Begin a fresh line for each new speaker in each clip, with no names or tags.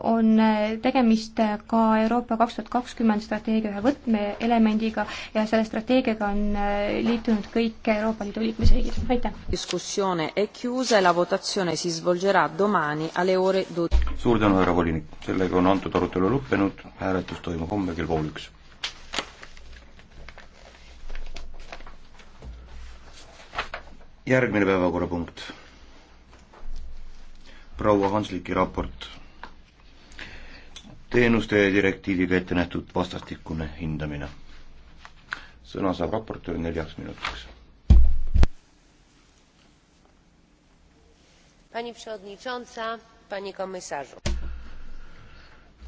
on eh, tegemist eh, ka Euroopa kaks tuhat kakskümmend strateegia ühe võtmeelemendiga ja selle strateegiaga on eh, liitunud kõik Euroopa Liidu liikmesriigid. aitäh! diskussioone è chiusa e la votazione si svolgerà domani alle ore du-. suur tänu, härra volinik, sellega on antud arutelu lõppenud, hääletus toimub homme kell pool üks. järgmine päevakorrapunkt proua Hansliki raport teenuste direktiiviga ette nähtud vastastikune hindamine. sõna saab raportöör neljaks minutiks.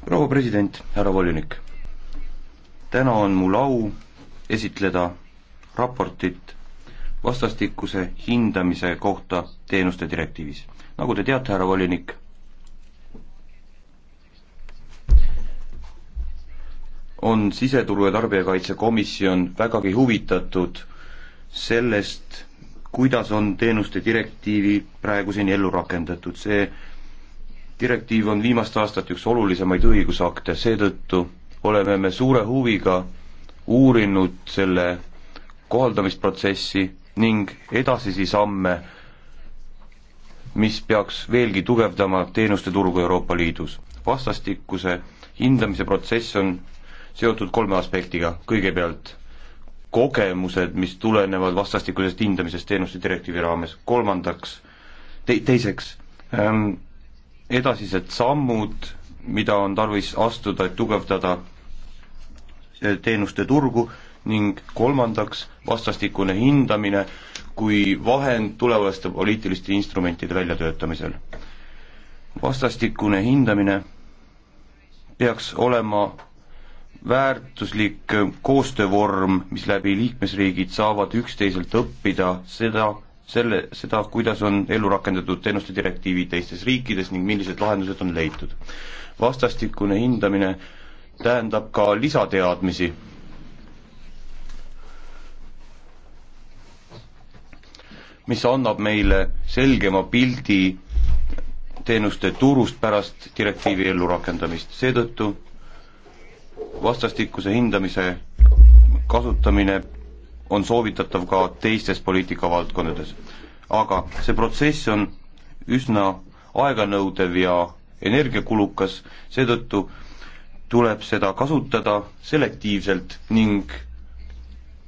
proua president, härra volinik, täna on mul au esitleda raportit vastastikuse hindamise kohta teenuste direktiivis. nagu te teate, härra volinik, on siseturu- ja tarbijakaitsekomisjon vägagi huvitatud sellest, kuidas on teenuste direktiivi praeguseni ellu rakendatud, see direktiiv on viimaste aastate üks olulisemaid õigusakte, seetõttu oleme me suure huviga uurinud selle kohaldamisprotsessi ning edasisi samme, mis peaks veelgi tugevdama teenuste turgu Euroopa Liidus. vastastikuse hindamise protsess on seotud kolme aspektiga, kõigepealt kogemused, mis tulenevad vastastikusest hindamisest teenuste direktiivi raames, kolmandaks, te-, teiseks ähm,, edasised sammud, mida on tarvis astuda, et tugevdada äh, teenuste turgu, ning kolmandaks, vastastikune hindamine kui vahend tulevaste poliitiliste instrumentide väljatöötamisel. vastastikune hindamine peaks olema väärtuslik koostöövorm, mis läbi liikmesriigid saavad üksteiselt õppida seda, selle, seda, kuidas on ellu rakendatud teenuste direktiivid teistes riikides ning millised lahendused on leitud. vastastikune hindamine tähendab ka lisateadmisi. mis annab meile selgema pildi teenuste turust pärast direktiivi ellurakendamist, seetõttu vastastikuse hindamise kasutamine on soovitatav ka teistes poliitikavaldkondades. aga see protsess on üsna aeganõudev ja energiakulukas, seetõttu tuleb seda kasutada selektiivselt ning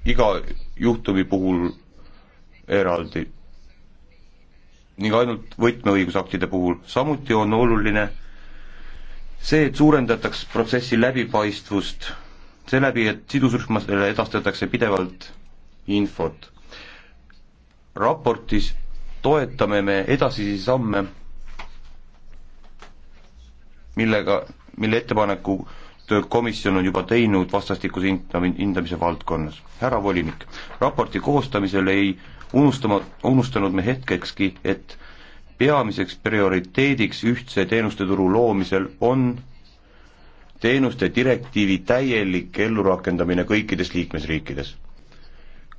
iga juhtumi puhul eraldi ning ainult võtmeõigusaktide puhul. samuti on oluline see, et suurendataks protsessi läbipaistvust seeläbi, et sidusrühmadele edastatakse pidevalt infot. raportis toetame me edasisi samme, millega, mille ettepaneku komisjon on juba teinud vastastikuse hindamise valdkonnas. härra volinik, raporti koostamisel ei unustama, unustanud me hetkekski, et peamiseks prioriteediks ühtse teenusteturu loomisel on teenuste direktiivi täielik ellurakendamine kõikides liikmesriikides.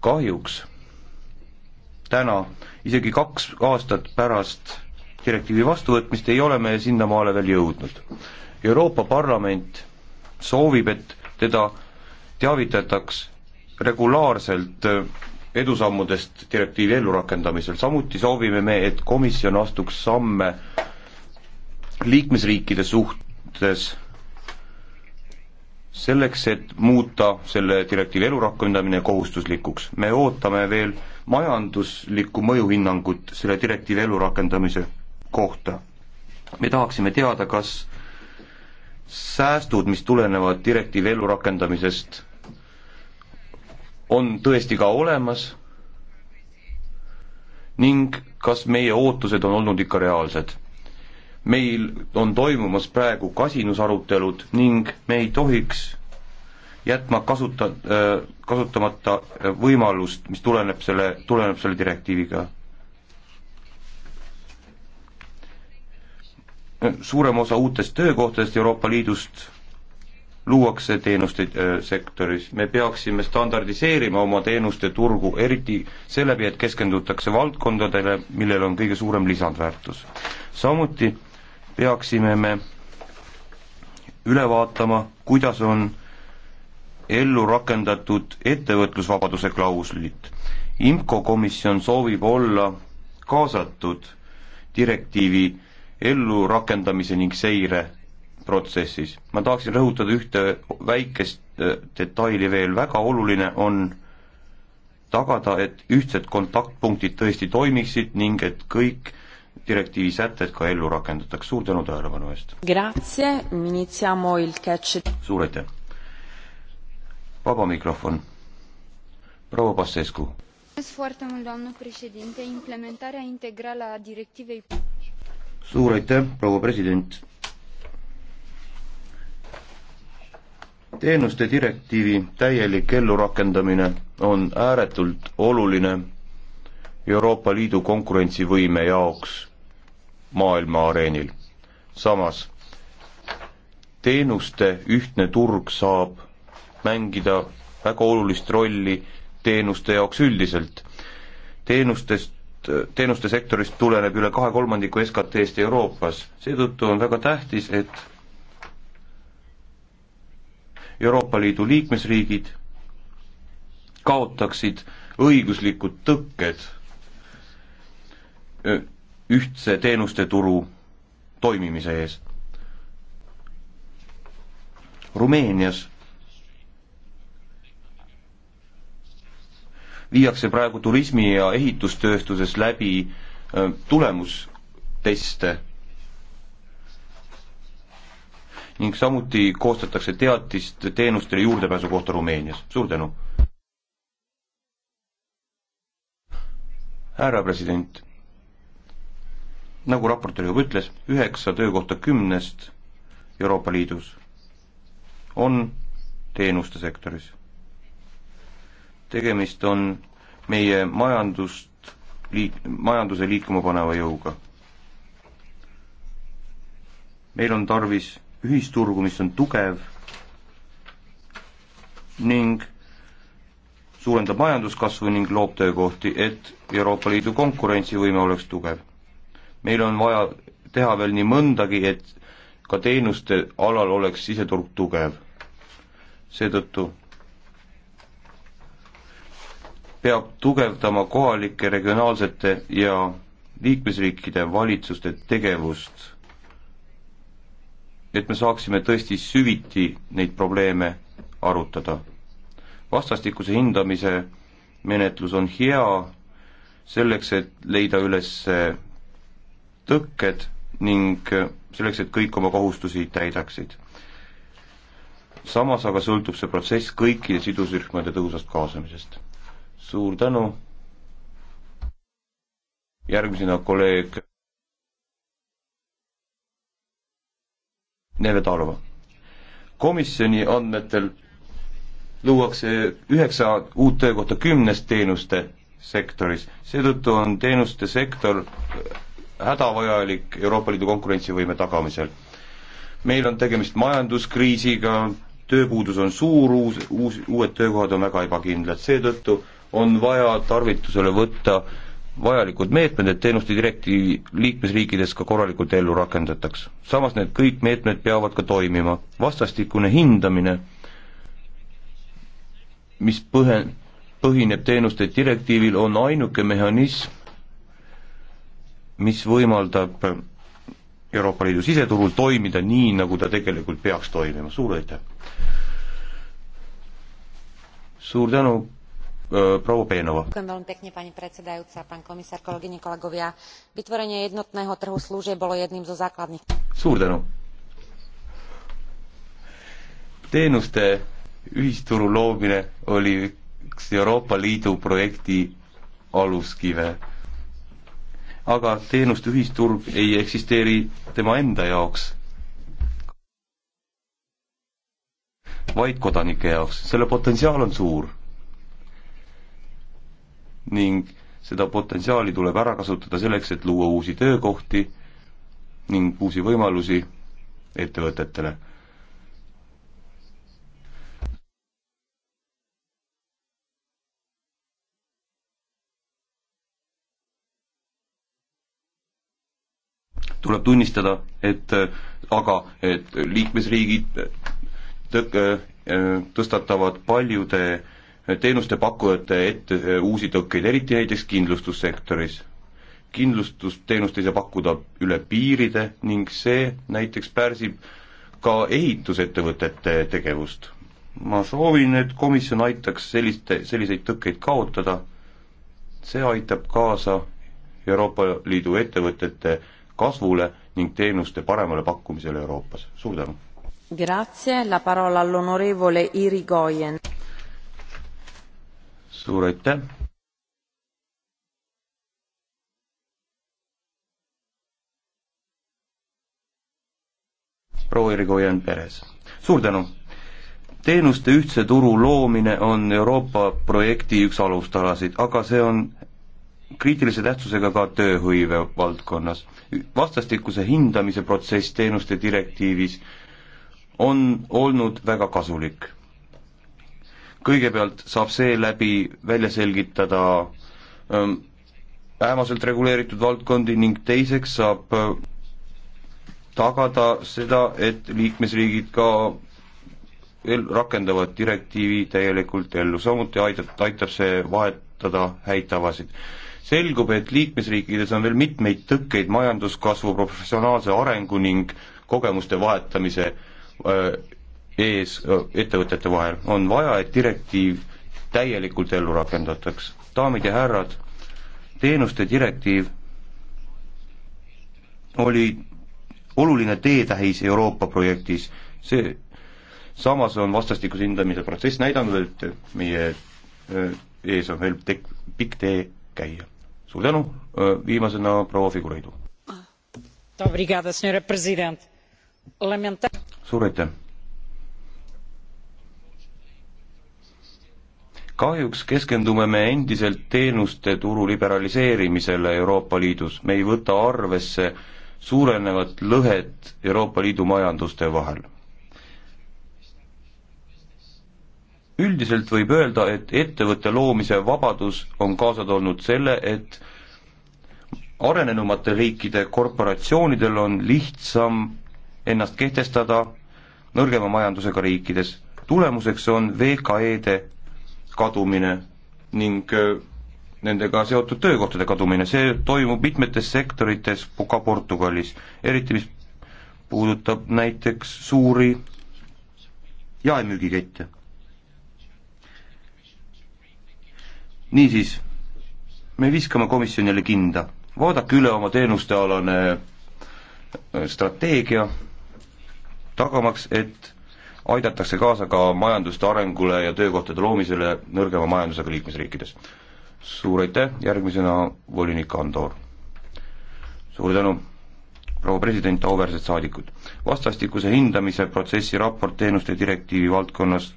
kahjuks täna, isegi kaks aastat pärast direktiivi vastuvõtmist ei ole me sinnamaale veel jõudnud. Euroopa Parlament soovib, et teda teavitataks regulaarselt edusammudest direktiivi ellurakendamisel, samuti soovime me, et komisjon astuks samme liikmesriikide suhtes selleks, et muuta selle direktiivi elurakendamine kohustuslikuks. me ootame veel majanduslikku mõjuhinnangut selle direktiivi elurakendamise kohta. me tahaksime teada, kas säästud, mis tulenevad direktiivi ellurakendamisest, on tõesti ka olemas ning kas meie ootused on olnud ikka reaalsed. meil on toimumas praegu kasinusarutelud ning me ei tohiks jätma kasuta-, äh, kasutamata võimalust, mis tuleneb selle, tuleneb selle direktiiviga. suurem osa uutest töökohtadest Euroopa Liidust luuakse teenuste äh, sektoris, me peaksime standardiseerima oma teenuste turgu, eriti seeläbi, et keskendutakse valdkondadele, millel on kõige suurem lisandväärtus. samuti peaksime me üle vaatama, kuidas on ellu rakendatud ettevõtlusvabaduse klauslit. IMCO komisjon soovib olla kaasatud direktiivi ellurakendamiseni ning seire protsessis. ma tahaksin rõhutada ühte väikest äh, detaili veel, väga oluline on tagada, et ühtsed kontaktpunktid tõesti toimiksid ning et kõik direktiivi sätted ka ellu rakendataks. suur tänu tähelepanu eest! suur aitäh! vaba mikrofon. proua Pasescu. suur aitäh, proua president! teenuste direktiivi täielik ellurakendamine on ääretult oluline Euroopa Liidu konkurentsivõime jaoks maailma areenil. samas teenuste ühtne turg saab mängida väga olulist rolli teenuste jaoks üldiselt. teenustest, teenuste sektorist tuleneb üle kahe kolmandiku SKT-st Euroopas, seetõttu on väga tähtis, et Euroopa Liidu liikmesriigid kaotaksid õiguslikud tõkked ühtse teenuste turu toimimise ees. Rumeenias viiakse praegu turismi- ja ehitustööstuses läbi tulemusteste ning samuti koostatakse teatist teenustele juurdepääsu kohta Rumeenias. suur tänu! härra president, nagu raportöör juba ütles, üheksa töökohta kümnest Euroopa Liidus on teenuste sektoris. tegemist on meie majandust liik-, majanduse liikuma paneva jõuga. meil on tarvis ühisturgu, mis on tugev ning suurendab majanduskasvu ning loob töökohti, et Euroopa Liidu konkurentsivõime oleks tugev. meil on vaja teha veel nii mõndagi, et ka teenuste alal oleks siseturg tugev. seetõttu peab tugevdama kohalike, regionaalsete ja liikmesriikide valitsuste tegevust et me saaksime tõesti süviti neid probleeme arutada. vastastikuse hindamise menetlus on hea selleks, et leida üles tõkked ning selleks, et kõik oma kohustusi täidaksid. samas aga sõltub see protsess kõikide sidusrühmade tõhusast kaasamisest. suur tänu, järgmisena kolleeg Nevedarova. komisjoni andmetel luuakse üheksa uut töökohta kümnest teenuste sektoris, seetõttu on teenuste sektor äh, hädavajalik Euroopa Liidu konkurentsivõime tagamisel. meil on tegemist majanduskriisiga, tööpuudus on suur, uus, uus, uued töökohad on väga ebakindlad, seetõttu on vaja tarvitusele võtta äh, vajalikud meetmed, et teenuste direktiivi liikmesriikides ka korralikult ellu rakendataks. samas need kõik meetmed peavad ka toimima. vastastikune hindamine, mis põhe, põhineb teenuste direktiivil, on ainuke mehhanism, mis võimaldab Euroopa Liidu siseturul toimida nii, nagu ta tegelikult peaks toimima, suur aitäh! suur tänu vytvorenie jednotného trhu služieb bolo jedným zo základných. suur tänu. teenuste ühisturu loomine oli üks Euroopa Liidu projekti aluskive. aga teenuste ühisturg ei eksisteeri tema enda jaoks, vaid kodanike jaoks, selle potentsiaal on suur ning seda potentsiaali tuleb ära kasutada selleks, et luua uusi töökohti ning uusi võimalusi ettevõtetele. tuleb tunnistada, et aga, et liikmesriigid tõk-, tõstatavad paljude teenustepakkujate ette eh, uusi tõkkeid, eriti näiteks kindlustussektoris. kindlustusteenust ei saa pakkuda üle piiride ning see näiteks pärsib ka ehitusettevõtete tegevust. ma soovin, et komisjon aitaks selliste, selliseid tõkkeid kaotada, see aitab kaasa Euroopa Liidu ettevõtete kasvule ning teenuste paremale pakkumisele Euroopas, suur tänu! Grazie, la parola all'onorevole Irigoyen suur aitäh! proua Irigoyen Peres, suur tänu! teenuste ühtse turu loomine on Euroopa projekti üks alustalasid, aga see on kriitilise tähtsusega ka tööhõive valdkonnas. vastastikuse hindamise protsess teenuste direktiivis on olnud väga kasulik kõigepealt saab seeläbi välja selgitada ähmaselt reguleeritud valdkondi ning teiseks saab äh, tagada seda, et liikmesriigid ka el-, rakendavad direktiivi täielikult ellu, samuti aitab, aitab see vahetada häid tavasid. selgub, et liikmesriikides on veel mitmeid tõkkeid majanduskasvu, professionaalse arengu ning kogemuste vahetamise öö, äh, ees ettevõtete vahel, on vaja, et direktiiv täielikult ellu rakendataks. daamid ja härrad, teenuste direktiiv oli oluline teetähis Euroopa projektis, see samas on vastastikuse hindamise protsess näidanud, et meie ees on veel tek-, pikk tee käia. suur tänu, viimasena proua Figureidu. suur aitäh! kahjuks keskendume me endiselt teenuste turu liberaliseerimisele Euroopa Liidus, me ei võta arvesse suurenevat lõhet Euroopa Liidu majanduste vahel. üldiselt võib öelda, et ettevõtte loomise vabadus on kaasa toonud selle, et arenenumate riikide korporatsioonidel on lihtsam ennast kehtestada nõrgema majandusega riikides. tulemuseks on VKE-de kadumine ning äh, nendega seotud töökohtade kadumine, see toimub mitmetes sektorites ka Portugalis, eriti mis puudutab näiteks suuri jaemüügikette. niisiis, me viskame komisjonile kinda, vaadake üle oma teenustealane äh, strateegia, tagamaks, et aidatakse kaasa ka majanduste arengule ja töökohtade loomisele nõrgema majandusega liikmesriikides. suur aitäh, järgmisena volinik Andor. suur tänu, proua president, auväärsed saadikud. vastastikuse hindamise protsessi raport teenuste direktiivi valdkonnas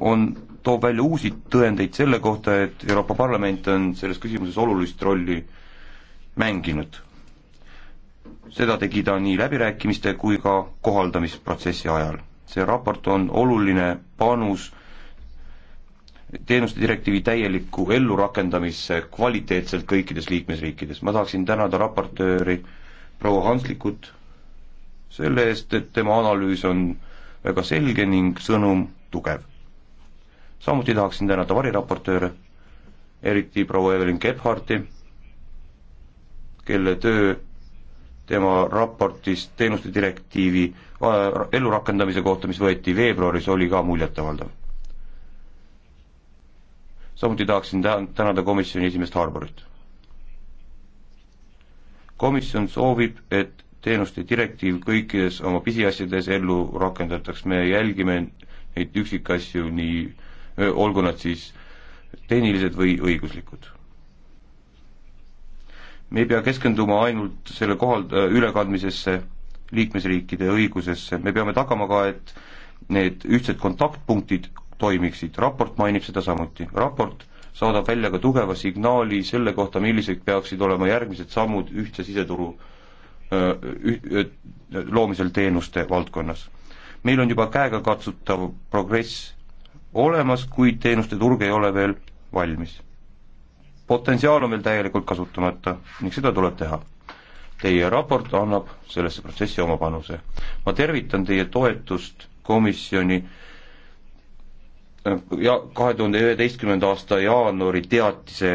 on, toob välja uusi tõendeid selle kohta, et Euroopa Parlament on selles küsimuses olulist rolli mänginud seda tegi ta nii läbirääkimiste kui ka kohaldamisprotsessi ajal. see raport on oluline panus teenuste direktiivi täielikku ellurakendamisse kvaliteetselt kõikides liikmesriikides. ma tahaksin tänada raportööri proua Hanslikut selle eest, et tema analüüs on väga selge ning sõnum tugev. samuti tahaksin tänada variraportööre, eriti proua Evelyn Gebharti, kelle töö tema raportis teenuste direktiivi äh, ellurakendamise kohta, mis võeti veebruaris, oli ka muljetavaldav. samuti tahaksin tänada komisjoni esimest Harborit. komisjon soovib, et teenuste direktiiv kõikides oma pisiasjades ellu rakendataks, me jälgime neid üksikasju nii, olgu nad siis tehnilised või õiguslikud me ei pea keskenduma ainult selle kohal-, äh, ülekandmisesse liikmesriikide õigusesse, me peame tagama ka, et need ühtsed kontaktpunktid toimiksid, raport mainib seda samuti, raport saadab välja ka tugeva signaali selle kohta, millised peaksid olema järgmised sammud ühtse siseturu äh, üh-, äh, loomisel teenuste valdkonnas. meil on juba käegakatsutav progress olemas, kuid teenuste turg ei ole veel valmis potentsiaal on veel täielikult kasutamata ning seda tuleb teha. Teie raport annab sellesse protsessi oma panuse. ma tervitan teie toetust komisjoni äh, ja kahe tuhande üheteistkümnenda aasta jaanuari teatise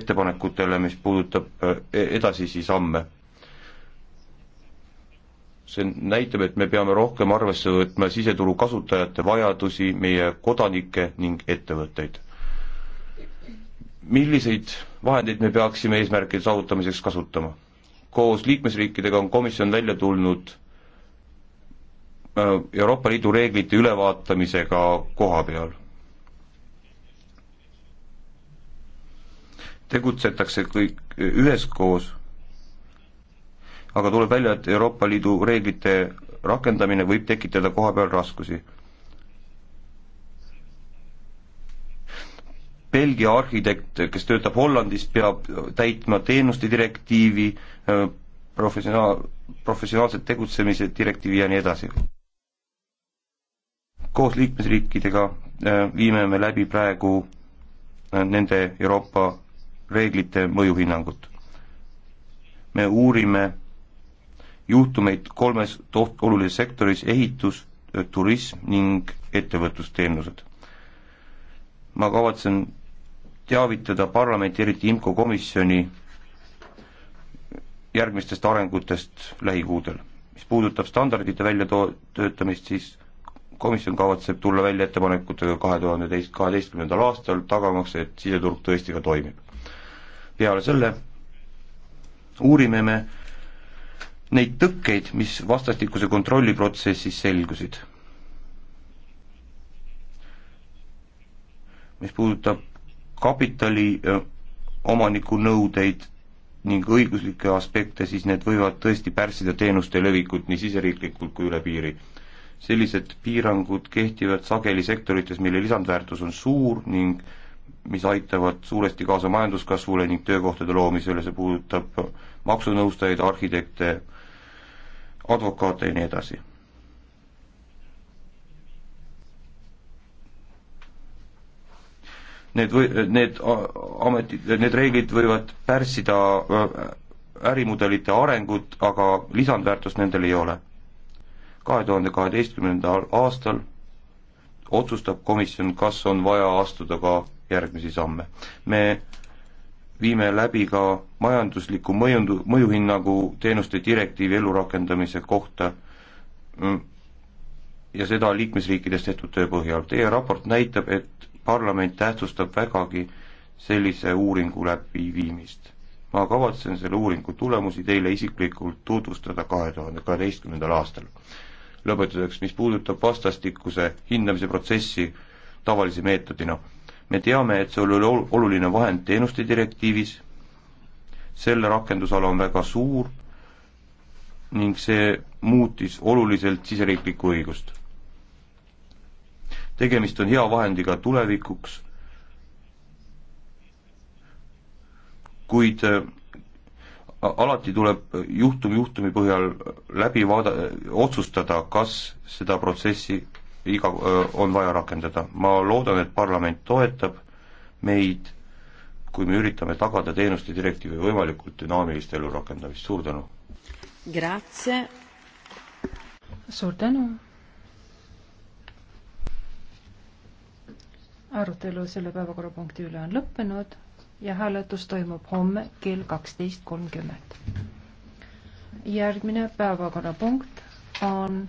ettepanekutele, mis puudutab äh, e-, edasisi samme. see näitab, et me peame rohkem arvesse võtma siseturu kasutajate vajadusi, meie kodanikke ning ettevõtteid milliseid vahendeid me peaksime eesmärkide saavutamiseks kasutama? koos liikmesriikidega on komisjon välja tulnud äh, Euroopa Liidu reeglite ülevaatamisega koha peal. tegutsetakse kõik äh, üheskoos, aga tuleb välja, et Euroopa Liidu reeglite rakendamine võib tekitada koha peal raskusi Belgia arhitekt, kes töötab Hollandis, peab täitma teenuste direktiivi, äh, professionaal, professionaalse tegutsemise direktiivi ja nii edasi. koos liikmesriikidega äh, viime me läbi praegu äh, nende Euroopa reeglite mõjuhinnangut. me uurime juhtumeid kolmes toht-, olulises sektoris, ehitus, turism ning ettevõtlusteenused ma kavatsen teavitada parlamenti, eriti IMCO komisjoni järgmistest arengutest lähikuudel. mis puudutab standardite väljatöötamist, siis komisjon kavatseb tulla välja ettepanekutega kahe tuhande teist, kaheteistkümnendal aastal, tagamaks, et siseturg tõesti ka toimib. peale selle uurime me neid tõkkeid, mis vastastikuse kontrolli protsessis selgusid mis puudutab kapitali omaniku nõudeid ning õiguslikke aspekte, siis need võivad tõesti pärssida teenuste levikut nii siseriiklikult kui üle piiri. sellised piirangud kehtivad sageli sektorites, mille lisandväärtus on suur ning mis aitavad suuresti kaasa majanduskasvule ning töökohtade loomisele, see puudutab maksunõustajaid, arhitekte, advokaate ja nii edasi need või-, need ametid, need reeglid võivad pärssida ärimudelite arengut, aga lisandväärtust nendel ei ole. kahe tuhande kaheteistkümnendal aastal otsustab komisjon, kas on vaja astuda ka järgmisi samme. me viime läbi ka majandusliku mõjundu-, mõjuhinnangu teenuste direktiivi ellurakendamise kohta mm, ja seda liikmesriikides tehtud töö põhjal. Teie raport näitab, et parlament tähtsustab vägagi sellise uuringu läbiviimist. ma kavatsen selle uuringu tulemusi teile isiklikult tutvustada kahe tuhande kaheteistkümnendal aastal. lõpetuseks, mis puudutab vastastikuse hindamise protsessi tavalise meetodina, me teame, et see oli oluline vahend teenuste direktiivis, selle rakendusala on väga suur ning see muutis oluliselt siseriiklikku õigust tegemist on hea vahendiga tulevikuks, kuid äh, alati tuleb juhtum juhtumi põhjal läbi vaada, otsustada, kas seda protsessi iga, on vaja rakendada. ma loodan, et parlament toetab meid, kui me üritame tagada teenuste direktiivi võimalikult dünaamilist elurakendamist, suur tänu! suur tänu! arutelu selle päevakorrapunkti üle on lõppenud ja hääletus toimub homme kell kaksteist kolmkümmend. järgmine päevakorrapunkt on